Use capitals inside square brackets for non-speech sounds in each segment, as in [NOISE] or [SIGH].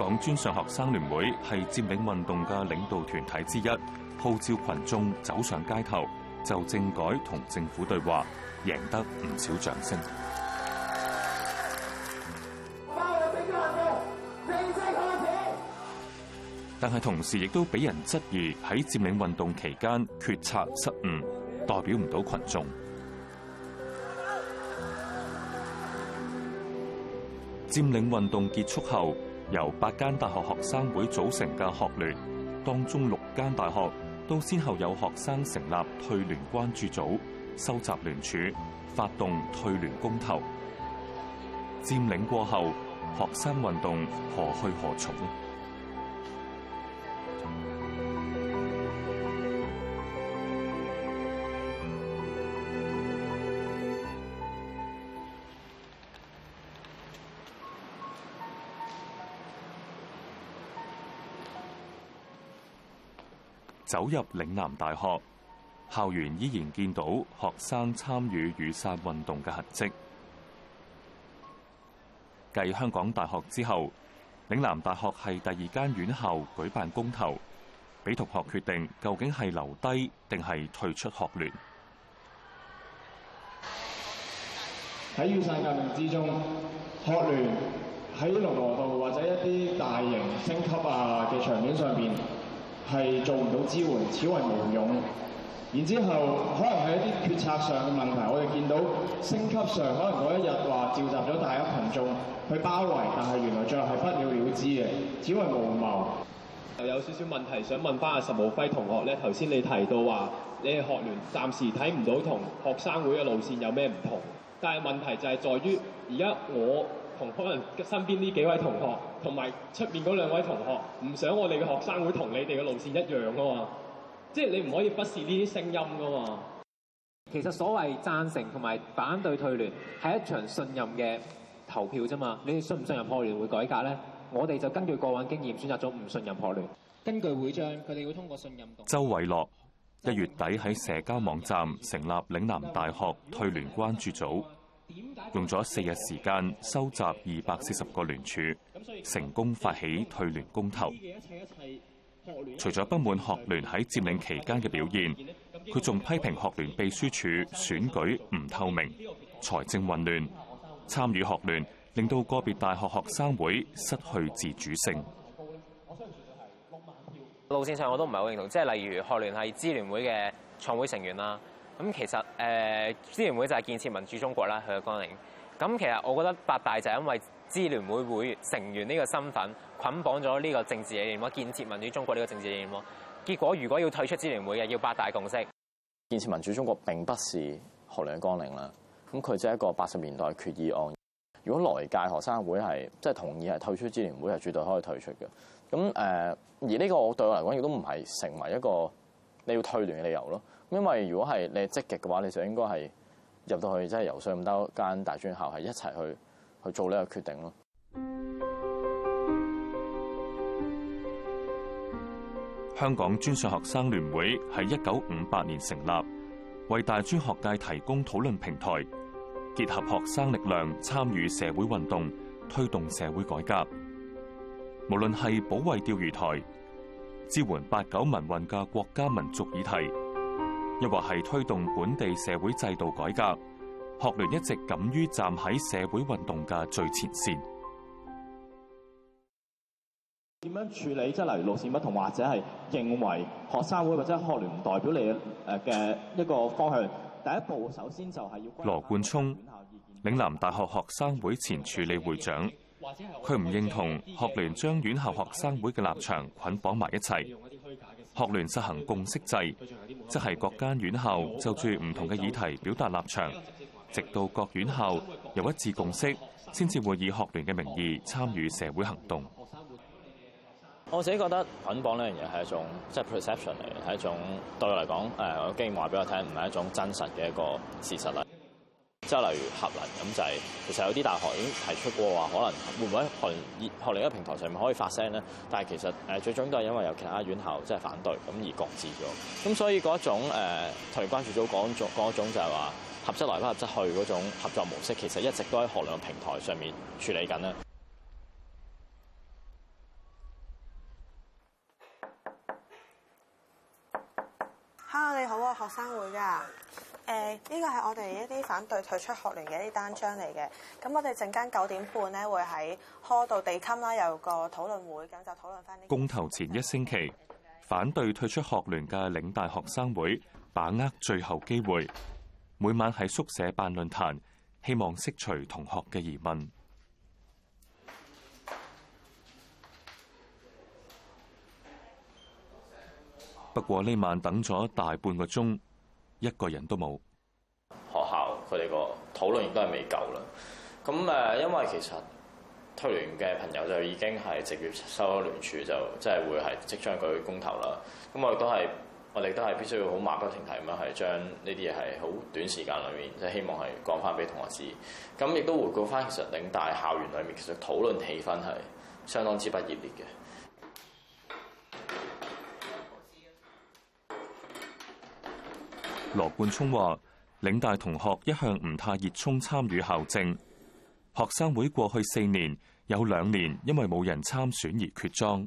港專上學生聯會係佔領運動嘅領導團體之一，號召群眾走上街頭，就政改同政府對話，贏得唔少掌聲。但係同時亦都俾人質疑喺佔領運動期間決策失誤，代表唔到群眾。佔領運動結束後。由八間大學學生會組成嘅學聯，當中六間大學都先後有學生成立退聯關注組，收集聯署，發動退聯公投。佔領過後，學生運動何去何從？走入嶺南大學，校園依然見到學生參與雨傘運動嘅痕跡。繼香港大學之後，嶺南大學係第二間院校舉辦公投，俾同學決定究竟係留低定係退出學聯。喺雨傘革命之中，學聯喺龍和道或者一啲大型升級啊嘅場面上面。係做唔到支援，此為無勇。然之後可能喺一啲決策上嘅問題，我哋見到升級上，可能嗰一日話召集咗大家群眾去包圍，但係原來最後係不了了之嘅，此為無謀。又有少少問題想問翻阿岑敖暉同學咧，頭先你提到話你係學聯，暫時睇唔到同學生會嘅路線有咩唔同，但係問題就係在於而家我，同可能身邊呢幾位同學，同埋出面嗰兩位同學，唔想我哋嘅學生會同你哋嘅路線一樣㗎嘛？即係你唔可以忽視呢啲聲音㗎嘛？其實所謂贊成同埋反對退聯係一場信任嘅投票啫嘛。你哋信唔信任破聯會改革咧？我哋就根據過往經驗選擇咗唔信任破聯。根據會章，佢哋會通過信任。周偉樂一月底喺社交網站成立嶺南大學退聯關注組。用咗四日時間收集二百四十個聯署，成功發起退聯公投。除咗不滿學聯喺佔領期間嘅表現，佢仲批評學聯秘書處選舉唔透明、財政混亂、參與學聯令到個別大學學生會失去自主性。路線上我都唔係好認同，即係例如學聯係支聯會嘅創會成員啦。咁其實誒、呃，支聯會就係建設民主中國啦，佢嘅綱領。咁其實我覺得八大就係因為支聯會會成員呢個身份捆綁咗呢個政治理念，建設民主中國呢個政治理念。結果如果要退出支聯會嘅，要八大共識。建設民主中國並不是學聯嘅綱領啦。咁佢就係一個八十年代的決議案。如果來屆學生會係即係同意係退出支聯會，係絕對可以退出嘅。咁誒、呃，而呢個對我嚟講亦都唔係成為一個你要退聯嘅理由咯。因為如果係你是積極嘅話，你就應該係入到去，即係由上咁多間大專校係一齊去去做呢個決定咯。香港專上學生聯會喺一九五八年成立，為大專學界提供討論平台，結合學生力量參與社會運動，推動社會改革。無論係保衞釣魚台、支援八九民運嘅國家民族議題。又或係推動本地社會制度改革，學聯一直敢於站喺社會運動嘅最前線。點樣處理？即係例如路線不同，或者係認為學生會或者學聯唔代表你誒嘅一個方向。第一步首先就係要。羅冠聰，嶺南大學學生會前處理會長，佢唔認同學聯將院校學生會嘅立場捆綁埋一齊。學聯實行共識制，即係各間院校就住唔同嘅議題表達立場，直到各院校有一致共識，先至會以學聯嘅名義參與社會行動。我自己覺得捆綁呢樣嘢係一種即係、就是、perception 嚟嘅，係一種對我嚟講，誒，我竟然話俾我聽唔係一種真實嘅一個事實嚟。即係例如核能咁就係，其實有啲大學已經提出過話，可能會唔會喺學聯、學聯嘅平台上面可以發聲咧？但係其實誒最終都係因為有其他院校真係反對，咁而擱置咗。咁所以嗰一種誒，突然關注組講咗講種就係話合則來，不合則去嗰種合作模式，其實一直都喺學聯嘅平台上面處理緊啦。Hello，你好啊，學生會噶。誒，呢個係我哋一啲反對退出學聯嘅一啲單張嚟嘅。咁我哋陣間九點半咧會喺科道地冚啦，有個討論會咁就討論翻呢。公投前一星期，反對退出學聯嘅嶺大學生會把握最後機會，每晚喺宿舍辦論壇，希望釋除同學嘅疑問。不過呢晚等咗大半個鐘。一個人都冇，學校佢哋個討論亦都係未夠啦。咁誒，因為其實退聯嘅朋友就已經係直接收咗聯署，就即係會係即將佢公投啦。咁我亦都係，我哋都係必須要好馬不停蹄咁樣係將呢啲嘢係好短時間裏面，即係希望係講翻俾同學知。咁亦都回顧翻，其實嶺大校園裏面其實討論氣氛係相當之不熱烈嘅。羅冠聰話：領大同學一向唔太熱衷參與校政，學生會過去四年有兩年因為冇人參選而缺莊。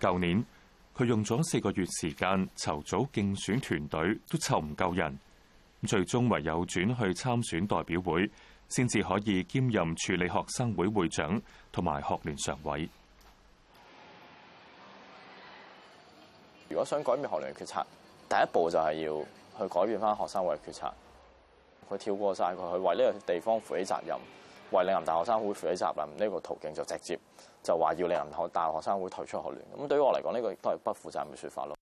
舊年佢用咗四個月時間籌組競選團隊，都湊唔夠人，最終唯有轉去參選代表會。先至可以兼任處理學生會會長同埋學聯常委。如果想改變學聯嘅決策，第一步就係要去改變翻學生會決策。佢跳過晒佢去為呢個地方負起責任，為嶺南大學生會負起責任呢個途徑，就直接就話要嶺南大學生會退出學聯。咁對於我嚟講，呢個亦都係不負責任嘅說法咯。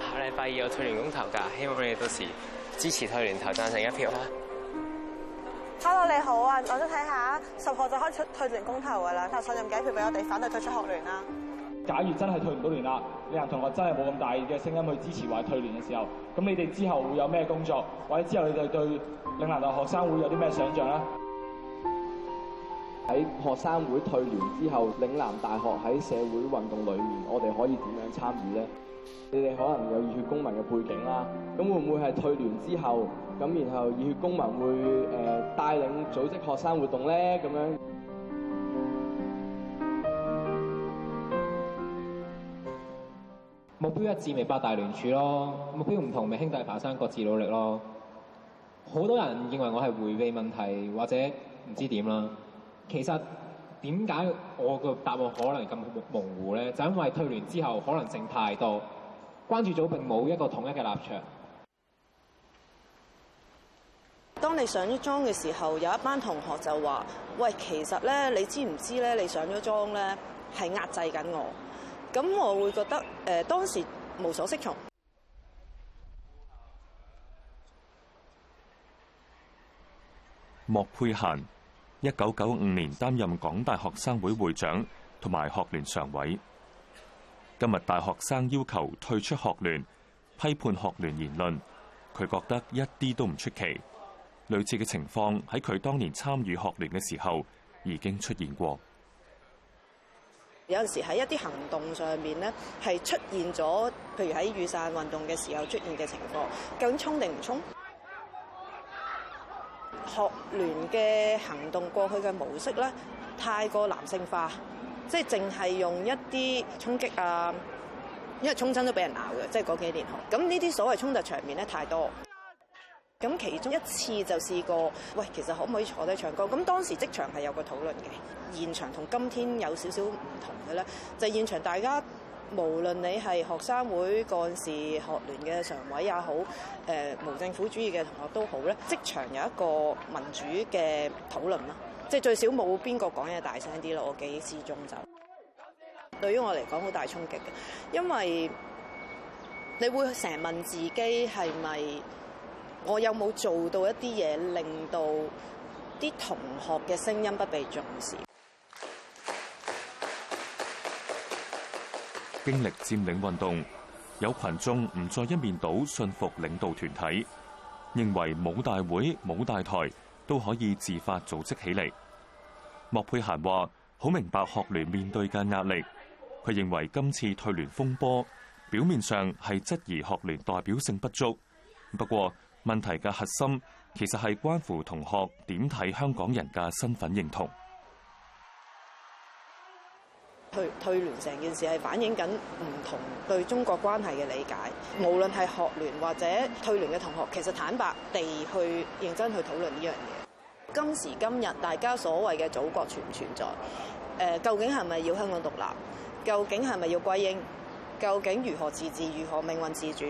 下禮拜二有退聯公投噶，希望你到時支持退聯，投贊成一票啦。Hello，你好啊！我想睇下，十號就開始退聯公投噶啦，但係信任幾票俾我哋，反對退出學聯啦。假如真係退唔到聯啦，你哋同學真係冇咁大嘅聲音去支持或者退聯嘅時候，咁你哋之後會有咩工作，或者之後你哋對嶺南大學生會有啲咩想象咧？喺 [NOISE] 學生會退聯之後，嶺南大學喺社會運動裏面，我哋可以點樣參與咧？你哋可能有熱血公民嘅背景啦，咁會唔會係退聯之後？咁然後熱血公民會誒帶、呃、領組織學生活動咧，咁樣目標一致咪八大聯署咯，目標唔同咪兄弟爬山各自努力咯。好多人認為我係迴避問題或者唔知點啦。其實點解我個答案可能咁模糊咧？就是、因為退聯之後可能性太多，關注組並冇一個統一嘅立場。當你上咗莊嘅時候，有一班同學就話：喂，其實咧，你知唔知咧？你上咗莊咧，係壓制緊我。咁我會覺得誒、呃，當時無所適從。莫佩嫻，一九九五年擔任港大學生會會長同埋學聯常委。今日大學生要求退出學聯，批判學聯言論，佢覺得一啲都唔出奇。類似嘅情況喺佢當年參與學聯嘅時候已經出現過。有陣時喺一啲行動上面呢係出現咗，譬如喺雨傘運動嘅時候出現嘅情況，究竟衝定唔衝？學聯嘅行動過去嘅模式咧，太過男性化，即係淨係用一啲衝擊啊，因為衝親都俾人鬧嘅，即係嗰幾年後。咁呢啲所謂衝突場面咧，太多。咁其中一次就試過，喂，其實可唔可以坐低唱歌？咁當時職場係有個討論嘅，現場同今天有少少唔同嘅咧。就係，現場大家，無論你係學生會幹事、學聯嘅常委也好，無、呃、無政府主義嘅同學都好咧，職場有一個民主嘅討論啦。即係最少冇邊個講嘢大聲啲咯。我記憶之中就對於我嚟講好大衝擊嘅，因為你會成日問自己係咪？我有冇做到一啲嘢，令到啲同學嘅聲音不被重視。經歷佔領運動，有群眾唔再一面倒，信服領導團體，認為冇大會冇大台都可以自發組織起嚟。莫佩嫻話好明白學聯面對嘅壓力。佢認為今次退聯風波表面上係質疑學聯代表性不足，不過，問題嘅核心其實係關乎同學點睇香港人嘅身份認同。退退聯成件事係反映緊唔同對中國關係嘅理解。無論係學聯或者退聯嘅同學，其實坦白地去認真去討論呢樣嘢。今時今日，大家所謂嘅祖國存唔存在？究竟係咪要香港獨立？究竟係咪要歸英？究竟如何自治？如何命運自主？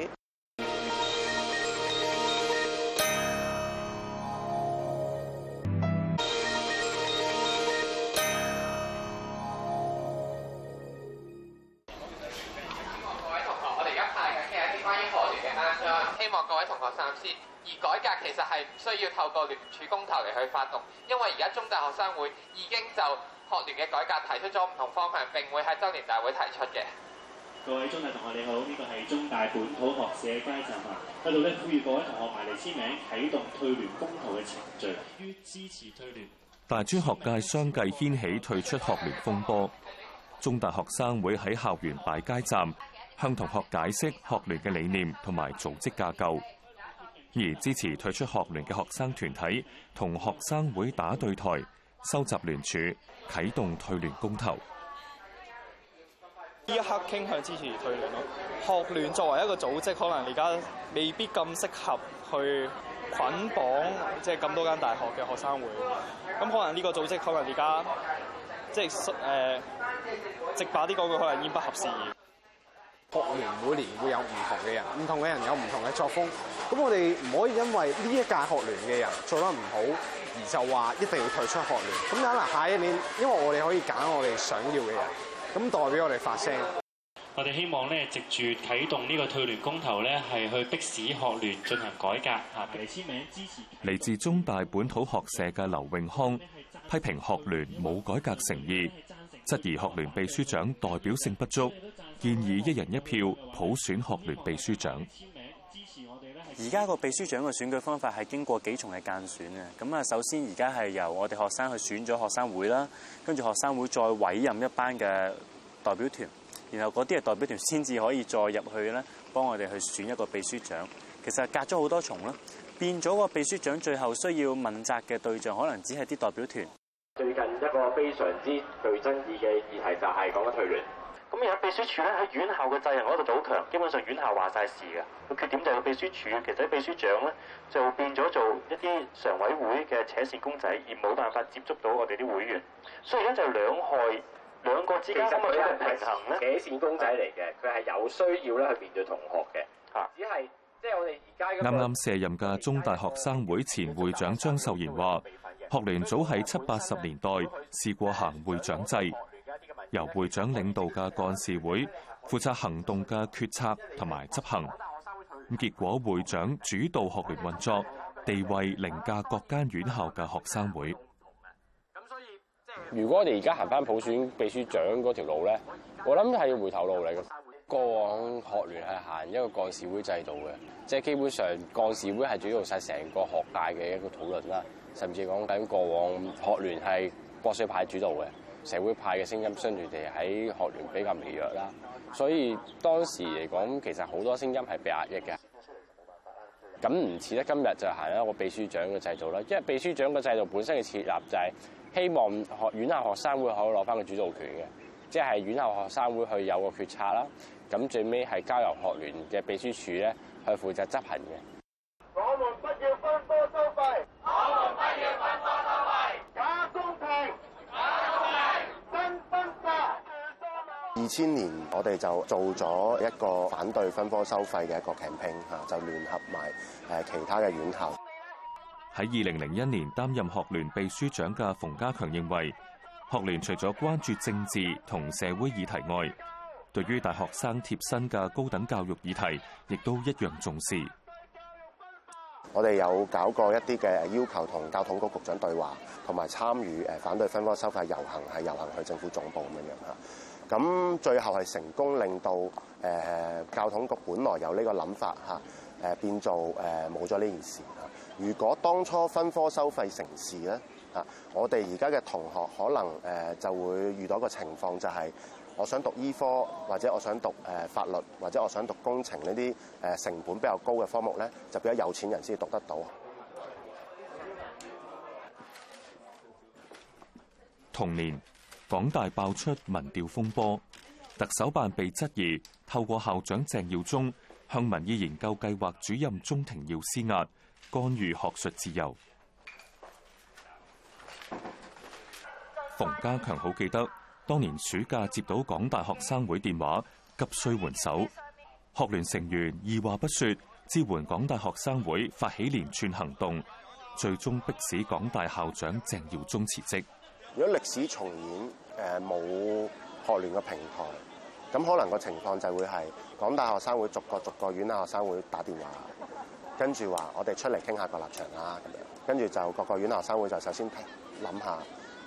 個聯署公投嚟去發動，因為而家中大學生會已經就學聯嘅改革提出咗唔同方向，並會喺周年大會提出嘅。各位中大同學你好，呢個係中大本土學社街站啊，喺度呢，呼籲各位同學埋嚟簽名，啟動退聯公投嘅程序，於支持退聯。大專學界相繼掀起退出學聯風波，中大學生會喺校園擺街站，向同學解釋學聯嘅理念同埋組織架構。而支持退出學聯嘅學生團體同學生會打對台，收集聯署，啟動退聯公投。呢一刻傾向支持退聯咯。學聯作為一個組織可能而家未必咁適合去捆綁，即係咁多間大學嘅學生會，咁可能呢個組織可能而家即係誒直白啲講句，可能已經不合時宜。學聯每年會有唔同嘅人，唔同嘅人有唔同嘅作風。咁我哋唔可以因為呢一屆學聯嘅人做得唔好，而就話一定要退出學聯。咁梗係下一年，因為我哋可以揀我哋想要嘅人，咁代表我哋發聲。我哋希望咧，藉住啟動呢個退聯公投咧，係去逼使學聯進行改革。嚇，嚟簽名支持。嚟自中大本土學社嘅劉永康批評學聯冇改革誠意，質疑學聯秘書長代表性不足，建議一人一票普選學聯秘書長。而家個秘書長嘅選舉方法係經過幾重嘅間選嘅，咁啊，首先而家係由我哋學生去選咗學生會啦，跟住學生會再委任一班嘅代表團，然後嗰啲嘅代表團先至可以再入去咧，幫我哋去選一個秘書長。其實隔咗好多重啦，變咗個秘書長最後需要問責嘅對象可能只係啲代表團。最近一個非常之具爭議嘅議題就係講緊退聯。咁而家秘書處咧喺院校嘅制衡嗰度就好強，基本上院校話晒事嘅。個、嗯、缺點就係個秘書處其實秘書長咧就變咗做一啲常委會嘅扯線公仔，而冇辦法接觸到我哋啲會員。所以而家就兩害兩個之間嘅平衡咧。扯線公仔嚟嘅，佢係有需要咧去面對同學嘅。嚇，只係即係我哋而家啱啱卸任嘅中大學生會前會長張秀賢話，學聯早喺七八十年代試過行會長制。由會長領導嘅幹事會負責行動嘅決策同埋執行，咁結果會長主導學聯運作，地位凌駕各間院校嘅學生會。咁所以，如果我哋而家行翻普選秘書長嗰條路咧，我諗係要回頭路嚟嘅。過往學聯係行一個幹事會制度嘅，即係基本上幹事會係主導晒成個學界嘅一個討論啦，甚至講緊過往學聯係國稅派主導嘅。社會派嘅聲音相對地喺學聯比較微弱啦，所以當時嚟講，其實好多聲音係被壓抑嘅。咁唔似得今日就行一個秘書長嘅制度啦，因為秘書長嘅制度本身嘅設立就係希望學院校學生會可以攞翻個主導權嘅，即係院校學生會去有個決策啦。咁最尾係交由學聯嘅秘書處咧去負責執行嘅。二千年，我哋就做咗一個反對分科收費嘅一個 c a 就聯合埋誒其他嘅院校。喺二零零一年擔任學聯秘書長嘅馮家強認為學聯除咗關注政治同社會議題外，對於大學生貼身嘅高等教育議題亦都一樣重視。我哋有搞過一啲嘅要求同教統局局長對話，同埋參與誒反對分科收費遊行，係遊行去政府總部咁樣吓。咁最後係成功令到誒教統局本來有呢個諗法，嚇誒變做誒冇咗呢件事啦。如果當初分科收費成事，咧嚇，我哋而家嘅同學可能誒就會遇到一個情況，就係我想讀醫科或者我想讀誒法律或者我想讀工程呢啲誒成本比較高嘅科目咧，就比較有錢人先讀得到。同年。港大爆出民調風波，特首辦被質疑透過校長鄭耀宗向民意研究計劃主任鍾庭耀施壓，干預學術自由。馮家強好記得，當年暑假接到港大學生會電話，急需援手，學聯成員二話不說，支援港大學生會發起連串行動，最終迫使港大校長鄭耀宗辭職。如果歷史重演，誒冇學聯嘅平台，咁可能個情況就會係港大學生會逐個逐個院校學生會打電話，跟住話我哋出嚟傾下個立場啦，咁樣跟住就各個院校學生會就首先諗下，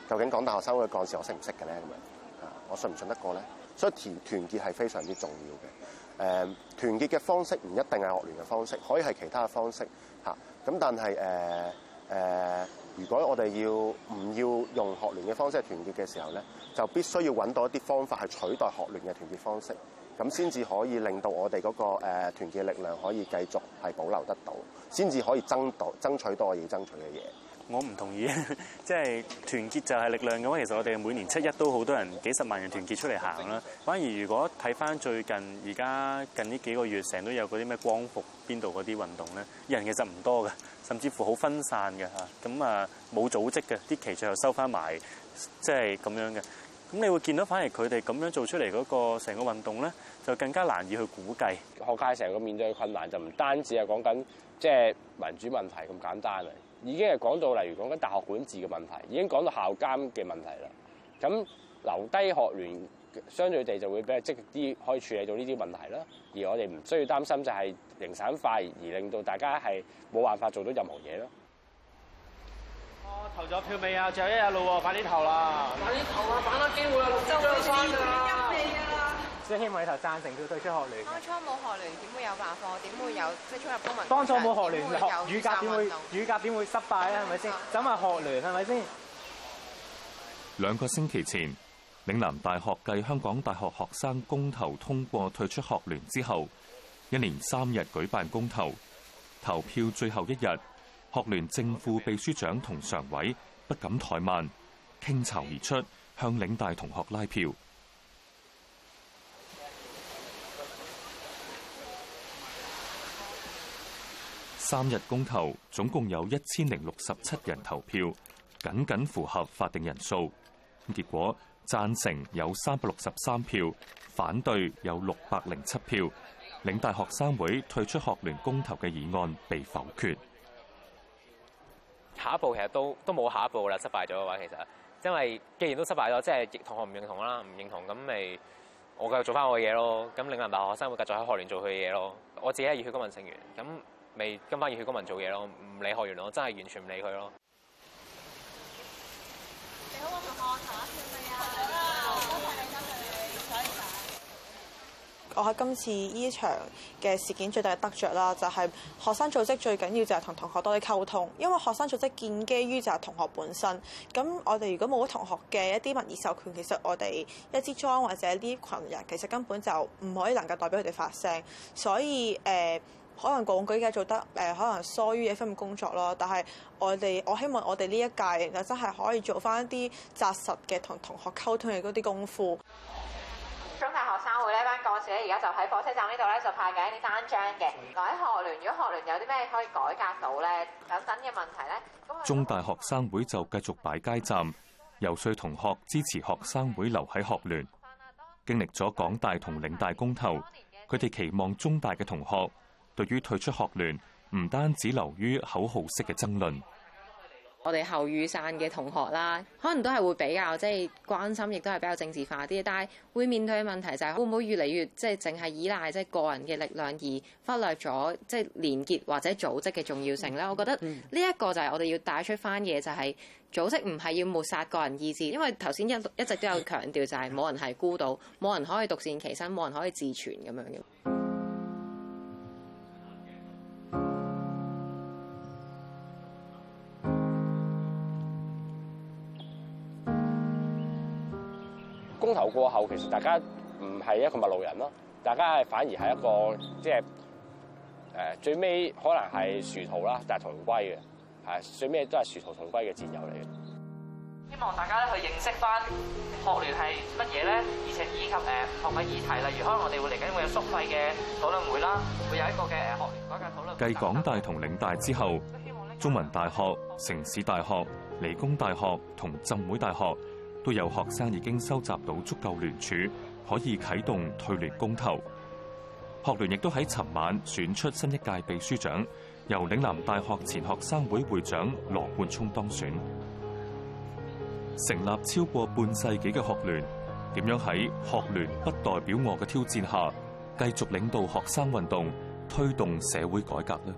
究竟港大學生會嘅幹事我識唔識嘅咧？咁樣啊，我信唔信得過咧？所以團團結係非常之重要嘅。誒，團結嘅方式唔一定係學聯嘅方式，可以係其他嘅方式嚇。咁但係誒誒。呃呃如果我哋要唔要用學聯嘅方式團結嘅時候咧，就必須要揾到一啲方法去取代學聯嘅團結方式，咁先至可以令到我哋嗰個誒團結力量可以繼續係保留得到，先至可以爭到爭取到我要爭取嘅嘢。我唔同意，即係團結就係力量咁啊。其實我哋每年七一都好多人，幾十萬人團結出嚟行啦。反而如果睇翻最近而家近呢幾個月，成日都有嗰啲咩光復邊度嗰啲運動咧，人其實唔多嘅，甚至乎好分散嘅嚇。咁啊，冇組織嘅，啲旗最後收翻埋，即係咁樣嘅。咁你會見到，反而佢哋咁樣做出嚟嗰個成個運動咧，就更加難以去估計學界成個面對嘅困難，就唔單止係講緊即係民主問題咁簡單啊。已經係講到例如講緊大學管治嘅問題，已經講到校監嘅問題啦。咁留低學聯，相對地就會比較積極啲，可以處理到呢啲問題啦。而我哋唔需要擔心就係零散化，而令到大家係冇辦法做到任何嘢咯。哦、啊，投咗票未啊？仲有一日咯喎，快啲投啦！快啲投啊！把握機會啊！六周比賽啊！即希望你投讚成佢退出學聯。當初冇學聯，點會有罷課？點會有即係出入公文？當初冇學聯，語架點會語架點會,會失敗咧？係咪先？走埋學聯係咪先？兩個星期前，嶺南大學繼香港大學學生公投通過退出學聯之後，一連三日舉辦公投。投票最後一日，學聯正副秘書長同常委不敢怠慢，傾巢而出，向嶺大同學拉票。三日公投，總共有一千零六十七人投票，僅僅符合法定人數。結果贊成有三百六十三票，反對有六百零七票。嶺大學生會退出學聯公投嘅議案被否決。下一步其實都都冇下一步啦，失敗咗嘅話，其實因為既然都失敗咗，即係同學唔認同啦，唔認同咁咪我繼續做返我嘅嘢咯。咁嶺南大學生會繼續喺學聯做佢嘅嘢咯。我自己係熱血公民成員咁。未跟翻熱血公民做嘢咯，唔理學聯，我真係完全唔理佢咯。你好，同學，查票未啊？我係有心去，要彩一打。我喺今次依場嘅事件最大嘅得着啦，就係、是、學生組織最緊要就係同同學多啲溝通，因為學生組織建基於就係同學本身。咁我哋如果冇咗同學嘅一啲民意授權，其實我哋一支莊或者呢群人，其實根本就唔可以能夠代表佢哋發聲。所以誒。呃可能講舉嘅做得，可能疏於嘢分工作咯。但係我哋我希望我哋呢一屆就真係可以做翻一啲紮實嘅同同學溝通嘅嗰啲功夫。中大學生會呢班幹事咧，而家就喺火車站呢度咧，就派緊一啲單張嘅。留喺學聯，如果學聯有啲咩可以改革到咧，等等嘅問題咧，中大學生會就繼續擺街站遊説同學支持學生會留喺學聯。經歷咗港大同嶺大公投，佢哋期望中大嘅同學。對於退出學聯，唔單止流於口號式嘅爭論。我哋後雨傘嘅同學啦，可能都係會比較即係關心，亦都係比較政治化啲。但係會面對嘅問題就係會唔會越嚟越即係淨係依賴即係、就是、個人嘅力量，而忽略咗即係連結或者組織嘅重要性咧？我覺得呢一個就係我哋要帶出翻嘢，就係組織唔係要抹殺個人意志，因為頭先一一直都有強調就係冇人係孤島，冇人可以獨善其身，冇人可以自存咁樣嘅。公投過後，其實大家唔係一個陌路人咯，大家係反而係一個即係誒最尾可能係殊途啦，但係同歸嘅，係最尾都係殊途同歸嘅戰友嚟嘅。希望大家咧去認識翻學聯係乜嘢咧，而且以及誒學嘅議題例如可能我哋會嚟緊會有宿費嘅討論會啦，會有一個嘅誒學聯改革討論會大大。繼港大同嶺大之後，中文大學、城市大學、理工大學同浸會大學。都有學生已經收集到足夠聯署，可以啟動退聯公投。學聯亦都喺尋晚選出新一屆秘書長，由嶺南大學前學生會會長羅冠聰當選。成立超過半世紀嘅學聯，點樣喺學聯不代表我嘅挑戰下，繼續領導學生運動，推動社會改革呢？